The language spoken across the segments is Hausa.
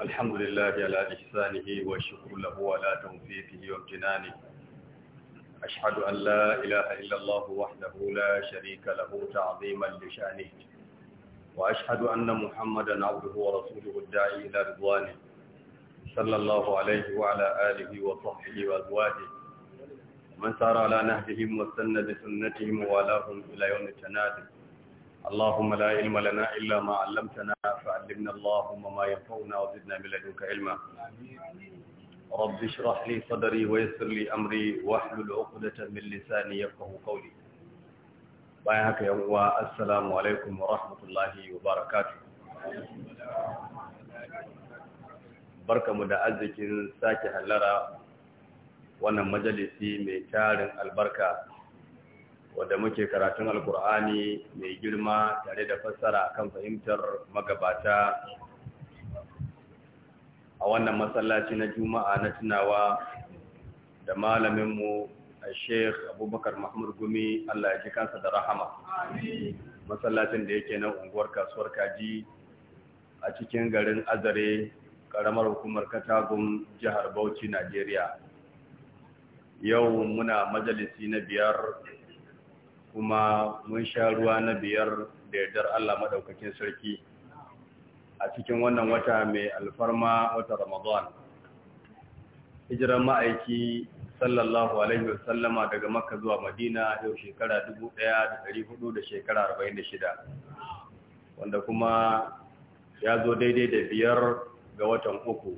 الحمد لله على إحسانه والشكر له على توفيقه وامتنانه أشهد أن لا إله إلا الله وحده لا شريك له تعظيما لشأنه وأشهد أن محمدا عبده ورسوله الداعي إلى رضوانه صلى الله عليه وعلى آله وصحبه وأزواجه ومن سار على نهجهم واستنى بسنتهم ووالاهم إلى يوم التنادي اللهم لا علم لنا إلا ما علمتنا فعلمنا اللهم ما ينفعنا وزدنا من لدنك علما رب اشرح لي صدري ويسر لي أمري واحلل عقدة من لساني يفقه قولي bayan haka yan uwa assalamu alaikum wa rahmatulahi wa Barka barkamu da arzikin sake hallara wannan majalisi mai tarin albarka wadda muke karatun alkur'ani mai girma tare da fassara kan fahimtar magabata a wannan masallaci na juma'a na tunawa da malaminmu a sheikh abubakar mahmud gumi allah ya ji kansa da rahama masallacin da yake na unguwar kasuwar kaji a cikin garin azare karamar hukumar katagun jihar bauchi najeriya yau muna majalisi na biyar kuma mun sha ruwa na biyar da yardar Allah madaukakin sarki a cikin wannan wata mai alfarma wata Ramadan hijiran ma'aiki sallallahu alaihi wasallama daga Makka zuwa Madina yau shekara 1400 da shekara 46 wanda kuma ya zo daidai da biyar ga watan uku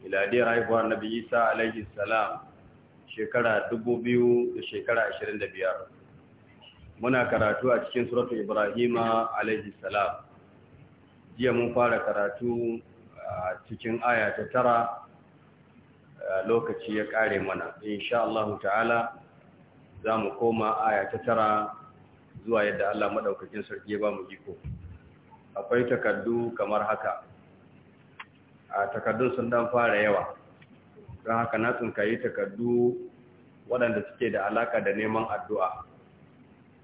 miladiyar haifuwar nabi isa alaihi salam shekara 2000 da shekara 25 muna karatu a cikin suratu ibrahima alaihi salam jiya mun fara karatu a cikin aya ta tara lokaci ya kare mana insha Allah ta'ala za mu koma aya ta tara zuwa yadda Allah maɗaukakin sarki ya ba mu jiko akwai takardu kamar haka a takardun sun dan fara yawa don haka na tsinkayi takardu waɗanda suke da alaka da neman addu'a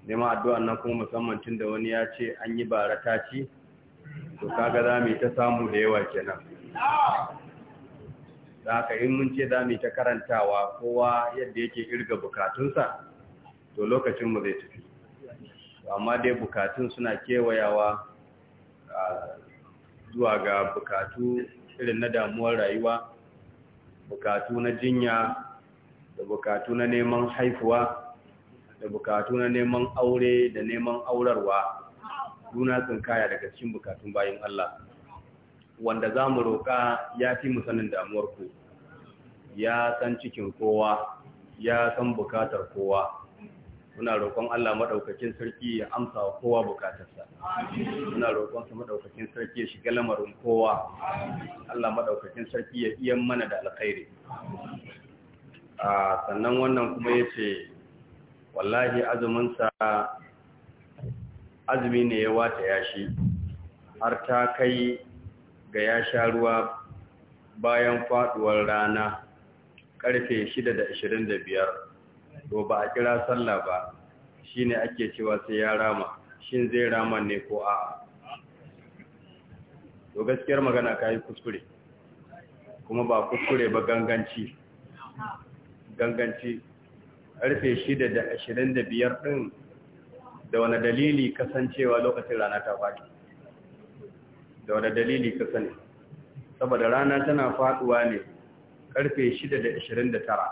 nema addu'an nan kuma musamman tun da wani ya ce an yi bara ta ci to kaga za mu yi ta samu da yawa kenan za haka in mun ce za mu yi ta karantawa kowa yadda yake irga bukatunsa to lokacin mu zai tafi amma dai bukatun suna kewayawa zuwa ga bukatu irin na damuwar rayuwa bukatu na jinya da bukatu na neman haifuwa da bukatu na neman aure da neman aurarwa duna sun kaya daga cikin bukatun bayan Allah wanda za mu roƙa ya fi musanin damuwarku ya san cikin kowa ya san bukatar kowa muna roƙon Allah maɗaukakin sarki ya amsa wa kowa bukatarsa muna roƙon sa maɗaukakin sarki ya shiga lamarin kowa Allah maɗaukakin sarki ya iya mana da alkhairi a ah, sannan wannan kuma yace wallahi azuminsa azumi ne ya wata yashi har ta kai ga ya sha ruwa bayan faduwar rana karfe 6:25 to ba a kira sallah ba shine ake cewa sai ya rama shin zai rama ne ko a'a to gaskiyar magana ka yi kuskure kuma ba kuskure ba ganganci ganganci karfe shida da ashirin da biyar ɗin da wani dalili kasancewa lokacin rana ta faɗi da wani dalili kasance saboda rana tana faɗuwa ne karfe shida da ashirin da tara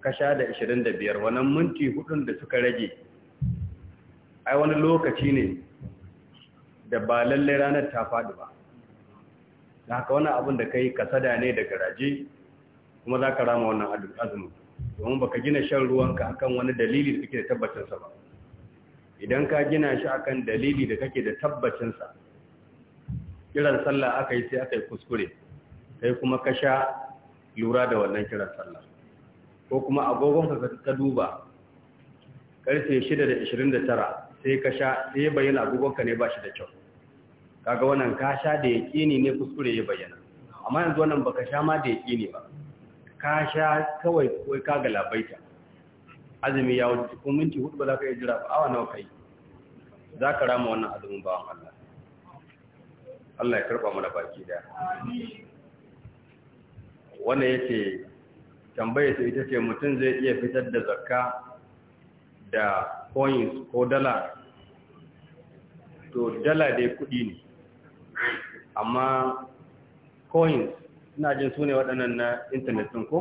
kasha da ashirin da biyar wani minti hudun da suka rage ai wani lokaci ne da ba lallai ranar ta faɗi ba da haka wani abin da ka yi kasada ne da garaje kuma za ka rama wannan azumin domin baka gina shan ruwanka akan wani dalili da kake da tabbacinsa ba idan ka gina shi akan dalili da kake da tabbacinsa kiran sallah aka yi sai aka yi kuskure kai kuma ka sha lura da wannan kiran sallah ko kuma agogon ka ka duba karfe 6:29 sai ka sha sai ya bayyana agogon ka ne ba shi da kyau kaga wannan ka sha da yaqini ne kuskure ya bayyana amma yanzu wannan baka sha ma da yaqini ba ka sha kawai kawai ka galabaita azumi ya wuce cikin minti hudu ba za ka iya jira ba awa nawa kai za ka rama wannan azumin bawan Allah Allah ya karba mana baki daya wannan yace tambayar sai ita ce mutum zai iya fitar da zakka da coins ko dala to dala dai kuɗi ne amma coins ina jin su ne waɗannan na intanet ɗin ko?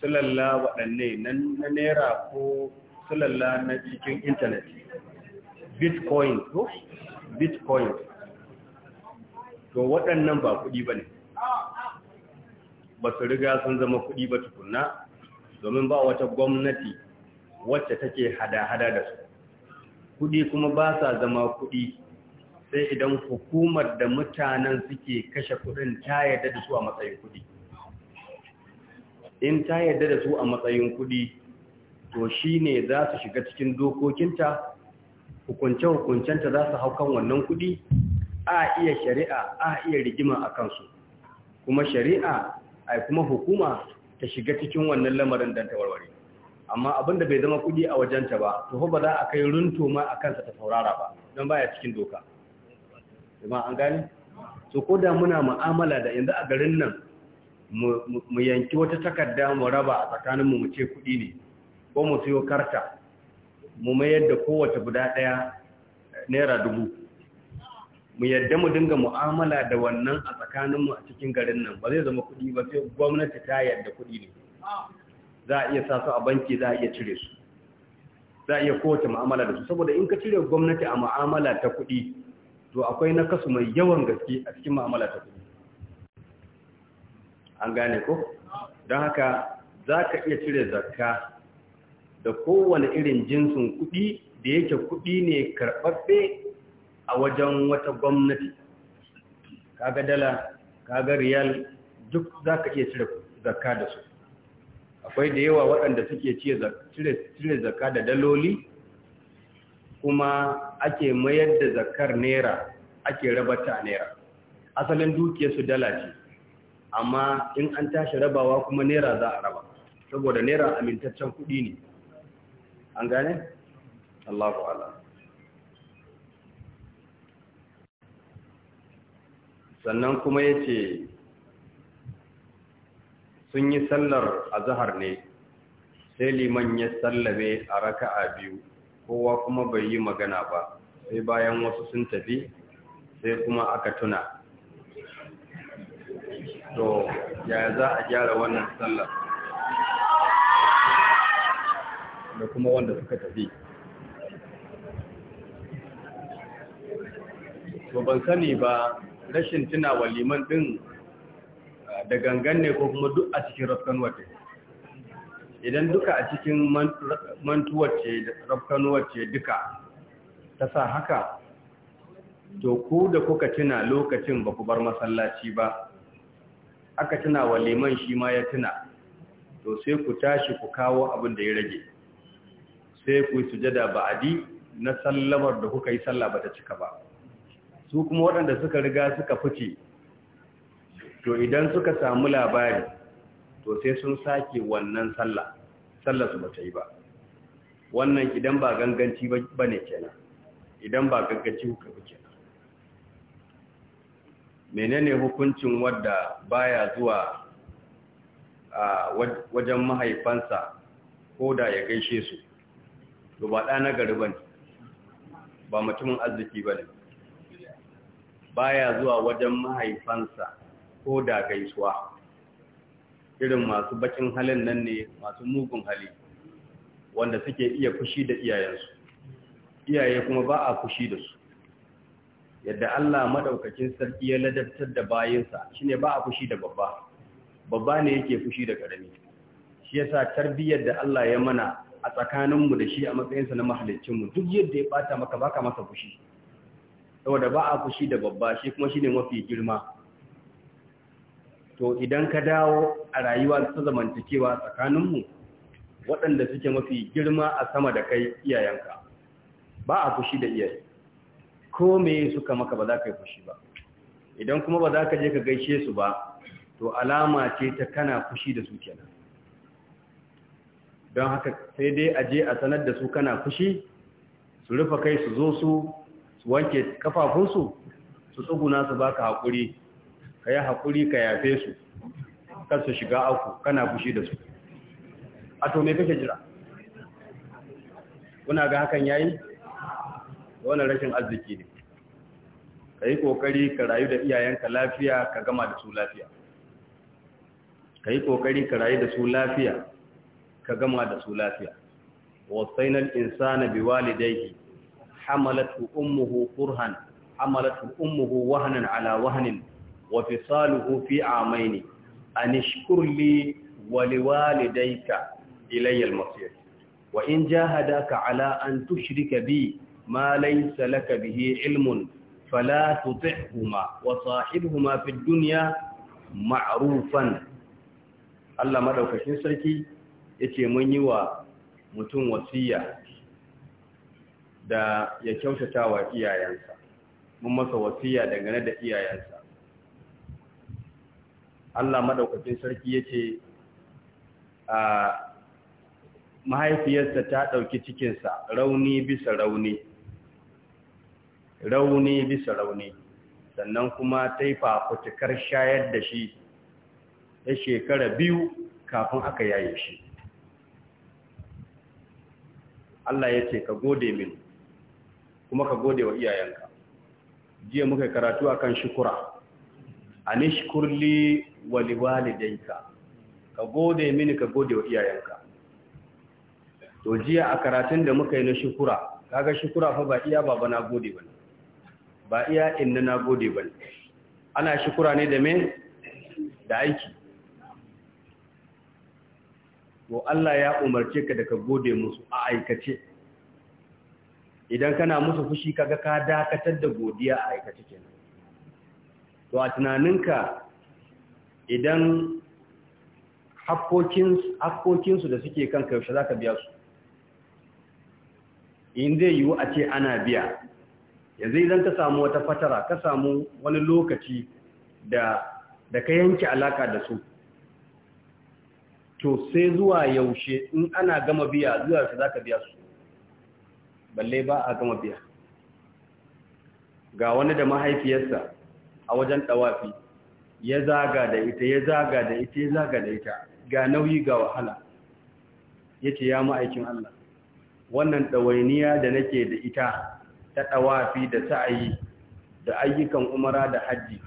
sulalla waɗanne na naira ko sulalla na cikin intanet bitcoin ko? bitcoin to waɗannan ba kuɗi ba ne ba su riga sun zama kuɗi ba tukunna domin ba wata gwamnati wacce take hada-hada da su kuɗi kuma ba sa zama kuɗi sai idan hukumar da mutanen suke kashe kudin ta yadda da su a matsayin kudi in ta yarda da su a matsayin kudi to shine za su shiga cikin dokokinta hukunce-hukuncenta za su hau kan wannan kudi a iya shari'a a iya rigima a kansu kuma shari'a a kuma hukuma ta shiga cikin wannan lamarin don ta warware amma abinda bai zama kudi a wajenta ba to ba za a kai runtoma a kansa ta saurara ba don baya cikin doka jama'a an gane To ko da muna mu'amala da yanzu a garin nan mu yanki wata takarda mu raba a tsakaninmu mu ce kuɗi ne ko mu siyo karta mu mayar da kowace guda ɗaya naira dubu mu yadda mu dinga mu'amala da wannan a tsakaninmu a cikin garin nan ba zai zama kuɗi ba sai gwamnati ta yadda kuɗi ne za a iya sa a banki za a iya cire su za a iya kowace mu'amala da su saboda in ka cire gwamnati a mu'amala ta kuɗi to akwai na kasu mai yawan gaske a cikin ma'amala ta kudi an gane ko don haka za ka iya cire zakka da kowane irin jinsin kudi da yake kudi ne karɓaɓɓe a wajen wata gwamnati kaga dala kaga riyal duk za ka iya cire zakka da su akwai da yawa waɗanda suke cire zakka da daloli kuma ake mayar da zakar naira ake raba ta naira asalin dukiyarsu dala ce amma in an tashi rabawa kuma naira za a raba saboda naira amintaccen kuɗi ne an gane? Allahu ala sannan kuma ya ce sun yi sallar a ne sai liman ya sallame a raka'a biyu kowa kuma bai yi magana ba sai bayan wasu sun tafi sai kuma aka tuna to ya za a gyara wannan sallar da kuma wanda suka tafi to ban sani ba rashin tuna waliman din da gangan ne ko kuma duk a cikin rafkan wata idan duka a cikin mantuwar ce da rafkanuwar ce duka ta sa haka to ku da kuka tuna lokacin ba ku bar masallaci ba aka tuna wa liman shi ma ya tuna to sai ku tashi ku kawo abin da ya rage sai ku yi sujada ba'adi na sallamar da kuka yi salla ba ta cika ba su kuma waɗanda suka riga suka fice to idan suka samu labari to sai sun sake wannan sallah sallar su bata yi ba wannan idan ba ganganci ba ne kenan idan ba ganganci ku ba kenan menene hukuncin wadda baya zuwa a wajen mahaifansa ko da ya gaishe su to ba da na gari ba ne ba mutumin arziki ba ne baya zuwa wajen mahaifansa ko da gaisuwa irin masu bakin halin nan ne masu mugun hali wanda suke iya fushi da iyayensu iyaye kuma ba a fushi da su yadda Allah madaukakin sarki ya ladabtar da bayinsa shine ba a fushi da babba babba ne yake fushi da karami shi yasa tarbiyyar da Allah ya mana a tsakaninmu da shi a matsayinsa na mu duk yadda ya bata maka baka masa fushi saboda ba a fushi da babba shi kuma shine mafi girma to idan ka dawo a rayuwa ta zamantakewa tsakaninmu waɗanda suke mafi girma a sama da kai iyayenka ba a fushi da iyayi ko me suka maka ba za ka yi fushi ba idan kuma ba za ka je ka gaishe su ba to alama ce ta kana fushi da su kenan don haka sai dai a je a sanar da su kana fushi su rufa kai su zo su su wanke kafafunsu su tsuguna su baka haƙuri ka yi haƙuri ka yafe su kan su shiga aku kana fushi da su a to me kake jira kuna ga hakan yayi Wani rashin arziki ne ka yi ƙoƙari ka rayu da iyayenka lafiya ka gama da su lafiya ka yi ƙoƙari ka rayu da su lafiya ka gama da su lafiya wasainar insana bi walidaihi hamalatu ummuhu furhan hamalatu ummuhu wahnan ala wahnin wa fisaluhu fi amaini an ishkur li wa liwalidayka ilayya al wa in jahada ka ala an tushrika bi ma laysa laka bihi ilmun fala tuti'huma wa sahibhuma fi ad-dunya ma'rufan Allah madaukakin sarki yace mun yi wa mutum wasiya da ya kyautata wa iyayensa mun masa wasiya dangane da iyayensa Allah madaukakin sarki yace a mahaifiyarsa ta dauki cikinsa rauni bisa rauni rauni bisa rauni sannan kuma ta yi fafutukar shayar da shi ya shekara biyu kafin aka yaye shi Allah ya ka gode min kuma ka gode wa iyayenka jiya muka karatu akan shukura ani shukurli Wali-wali, dai ka gode mini ka gode wa iyayenka to jiya a karatun da muka yi na shukura kaga shukura fa ba iya baba na gode bane ba iya inna na gode bane ana shukura ne da me da aiki to Allah ya umarce ka da ka gode musu a aikace idan kana musu fushi kaga ka dakatar da godiya a aikace kenan to a tunaninka idan hakkokinsu da suke kan yaushe za ka biya su in zai yiwu a ce ana biya yanzu idan ka samu wata fatara ka samu wani lokaci da da ka yanke alaka da su to sai zuwa yaushe in ana gama biya zuwa su za ka biya su balle ba a gama biya ga wani da mahaifiyarsa a wajen ɗawafi ya zaga da ita ya zaga da ita ya zaga da ita ga nauyi ga wahala yace ya ma'aikin Allah wannan dawainiya da nake da ita ta dawafi da sa'ayi da ayyukan umara da haji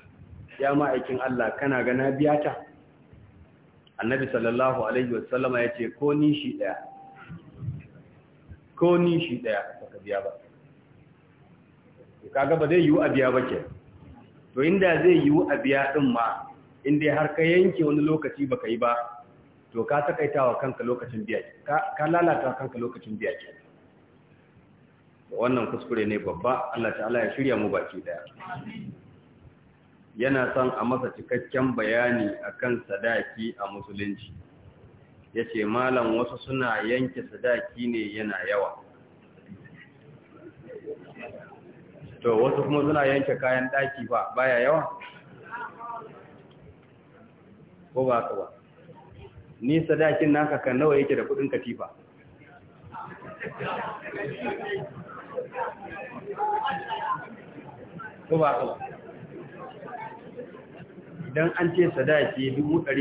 ya ma'aikin Allah kana ga na biya ta annabi sallallahu alaihi wasallama yace ko ni shi daya ko ni shi daya ka biya ba kaga ba zai yiwu a biya ba ke. to inda zai yiwu a biya din ma inda har ka yanke wani lokaci ba ka yi ba to ka wa kanka lokacin biya ka lalata kanka lokacin biya ke wannan kuskure ne babba Allah ta'ala ya shirya mu baki daya yana son a masa cikakken bayani akan sadaki a musulunci yace malam wasu suna yanke sadaki ne yana yawa to wasu kuma suna yanke kayan ɗaki ba baya yawa ko ba ka ba ni sadakin naka kan nawa yake da kudin katifa ko ba ka ba idan an ce sadaki dubu da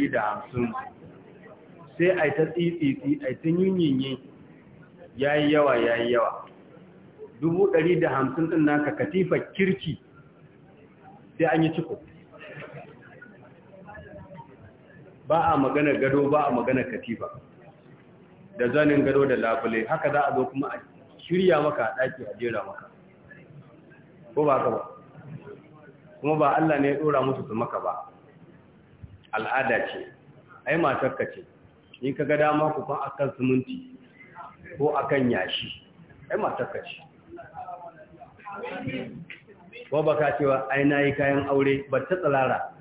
sai a yi ta tsitsitsi a yi ta yinyinyi ya yi yawa ya yi yawa dubu ɗari da hamsin ɗin naka katifa kirki sai an yi ciko ba a magana gado ba a magana katifa da zanin gado da labule haka za a zo kuma a shirya maka a ɗaki a jera maka ko ba ba kuma ba Allah ne ya ɗora musu su maka ba al'ada ce ai matarka ce in ka ga dama ku kan akan siminti ko akan yashi ai matarka ce ko baka cewa ai nayi kayan aure ba ta tsalara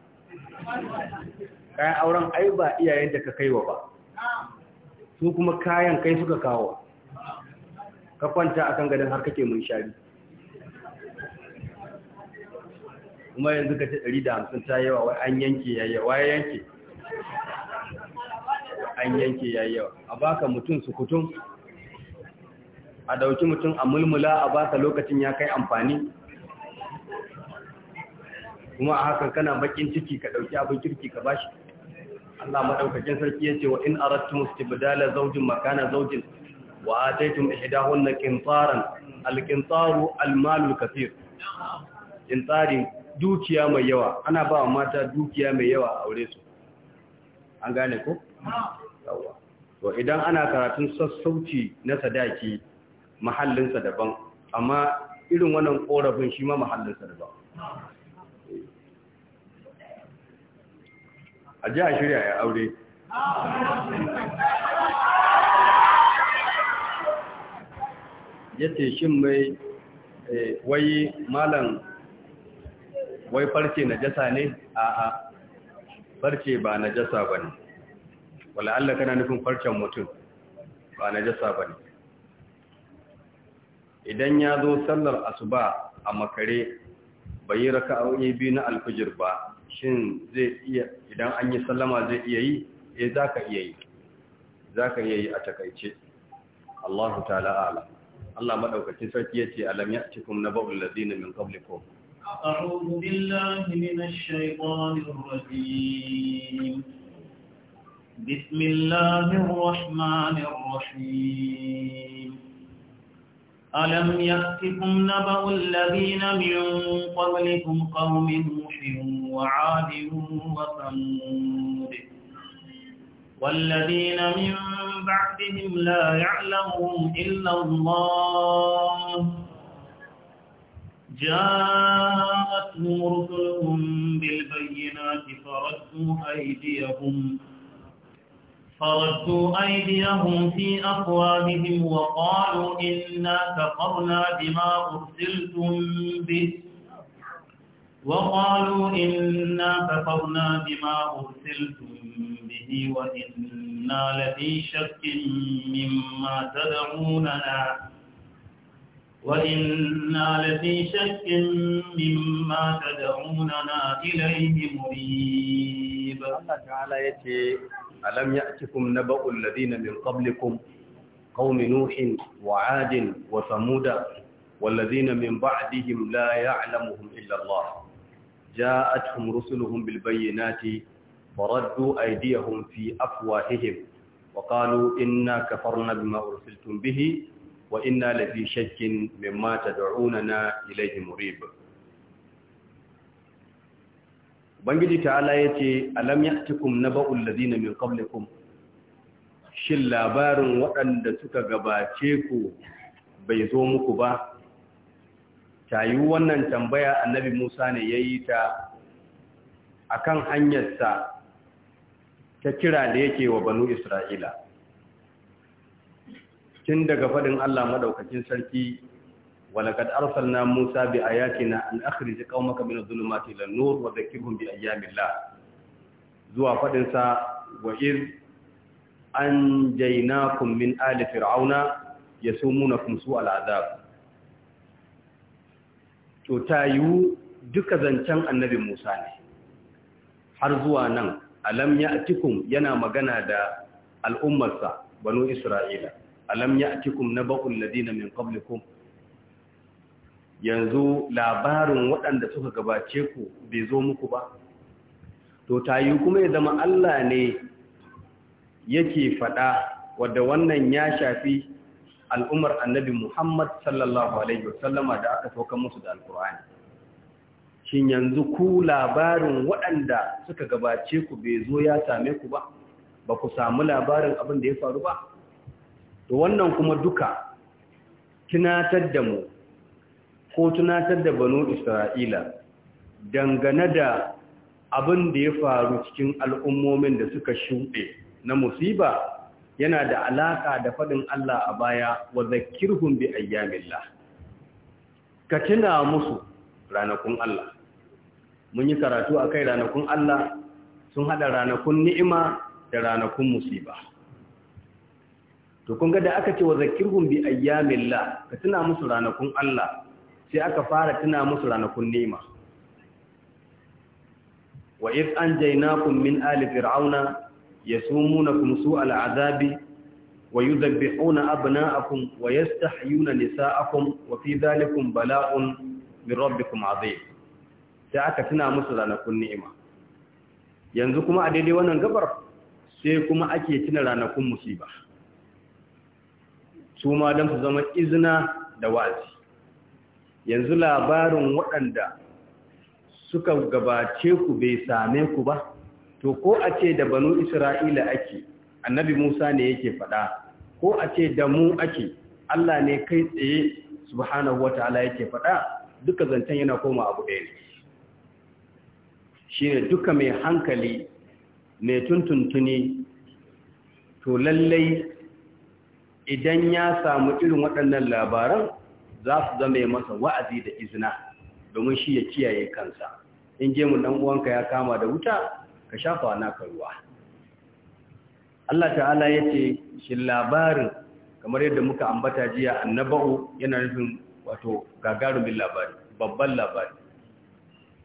kayan auren ai ba iyayen da ka kaiwa ba su kuma kayan kai suka kawo ka kwanta akan gadon har kake mun shari kuma yanzu ka ce 150 ta yawa wai an yanke yayyawa wai yanke an yanke yayyawa a baka mutum su kutum a dauki mutum a mulmula a basa lokacin ya kai amfani kuma a hakan kana bakin ciki ka dauki abin kirki ka bashi Allah madaukakin sarki yace wa in aradtum istibdala zawjin makana zawjin wa ataytum ihdahunna qintaran al-qintaru al-malu al-kathir dukiya mai yawa ana ba mata dukiya mai yawa a aure su an gane ko yawa to idan ana karatun sassauci na sadaki mahallinsa daban amma irin wannan korafin shi ma mahallinsa daban a ji a shirya ya aure ya ce shin mai eh, wai malam wai farce na jasa ne a a farce ba na jasa ba ne wala'alla kana nufin farcen mutum ba na jasa ba ne idan ya zo sallar asuba a makare bai yi raka'o'i biyu na alfijir ba shin zai iya idan an yi sallama zai iya yi eh zaka iya yi zaka iya yi a takaice Allahu ta'ala a'lam Allah madaukakin sarki yace alam na naba'ul ladina min qablikum أعوذ بالله من الشيطان الرجيم بسم الله الرحمن الرحيم ألم يأتكم نبأ الذين من قبلكم قوم نوح وعاد وثمود والذين من بعدهم لا يعلمهم إلا الله جاءتهم رسلهم بالبينات فردوا أيديهم فردوا أيديهم في أقوامهم وقالوا إنا كفرنا بما أرسلتم به وقالوا إنا كفرنا بما أرسلتم به وإنا لفي شك مما تدعوننا وإنا لفي شك مما تدعوننا إليه مريب الله تعالى يتي alam ya'tikum naba'ul ladina min qablikum qaumi nuhin wa 'adin wa samuda والذين من بعدهم لا يعلمهم إلا الله جاءتهم رسلهم بالبينات فردوا أيديهم في أفواههم وقالوا إنا كفرنا بما أرسلتم به وإنا لفي شك مما تدعوننا إليه مريب bangiji ta'ala ya ce alam na naba'ul ladina min qablikum shin labarin waɗanda suka gabace ku bai zo muku ba Ta yi wannan tambaya annabi Musa ne ya yi ta A kan hanyarsa ta kira da yake wa banu Isra'ila tun daga faɗin Allah maɗaukacin sarki ولقد أرسلنا موسى بآياتنا أن أخرج قومك من الظلمات إلى النور وذكرهم بأيام الله زوا فدنسا وإذ أنجيناكم من آل فرعون يسومونكم سوء العذاب to duka zancen annabi Musa ne har zuwa nan alam ya'tikum yana magana da al'ummarsa banu Isra'ila alam ya'tikum naba'ul ladina min qablikum yanzu labarin waɗanda suka gabace ku bai zo muku ba to tayi kuma ya zama Allah ne yake faɗa wadda wannan ya shafi al'ummar annabi Muhammad sallallahu Alaihi wasallama da aka sauka musu da alkur'ani shin yanzu ku labarin waɗanda suka gabace ku bai zo ya same ku ba ba ku samu labarin abin da ya faru ba to wannan kuma duka tunatar da mu ko tunatar da banu isra'ila dangane da abin da ya faru cikin al'ummomin da suka shuɗe na musiba yana da alaƙa da faɗin Allah a baya wa zakirhum bi ayyamillah ka tuna musu ranakun Allah mun yi karatu akai ranakun Allah sun hada ranakun ni'ima da ranakun musiba to kun ga da aka ce wa zakirhum bi ayyamillah ka tuna musu ranakun Allah sai aka fara tuna musu ranakun nema wa iz anjaynakum min ali fir'auna yasumunakum su'al azabi wa yuzabbihuna abna'akum wa yastahyuna nisa'akum wa fi dhalikum bala'un min rabbikum azim sai aka tuna musu ranakun ni'ima yanzu kuma a daidai wannan gabar sai kuma ake tuna ranakun musiba su ma don su zama izina da wazi. yanzu labarin waɗanda suka gabace ku bai same ku ba to ko a ce da banu isra'ila ake annabi musa ne yake faɗa ko a ce da mu ake allah ne kai tsaye subhanahu wata'ala yake faɗa duka zancen yana koma abu ɗaya ne shi ne duka mai hankali mai tuntuntuni to lallai idan ya samu irin waɗannan labaran za su zama ya masa wa'azi da izina domin shi ya kiyaye kansa in je mu dan uwanka ya kama da wuta ka shafa naka ruwa Allah ta'ala ya ce shi labarin kamar yadda muka ambata jiya annaba'u yana nufin wato gagarumin labari babban labari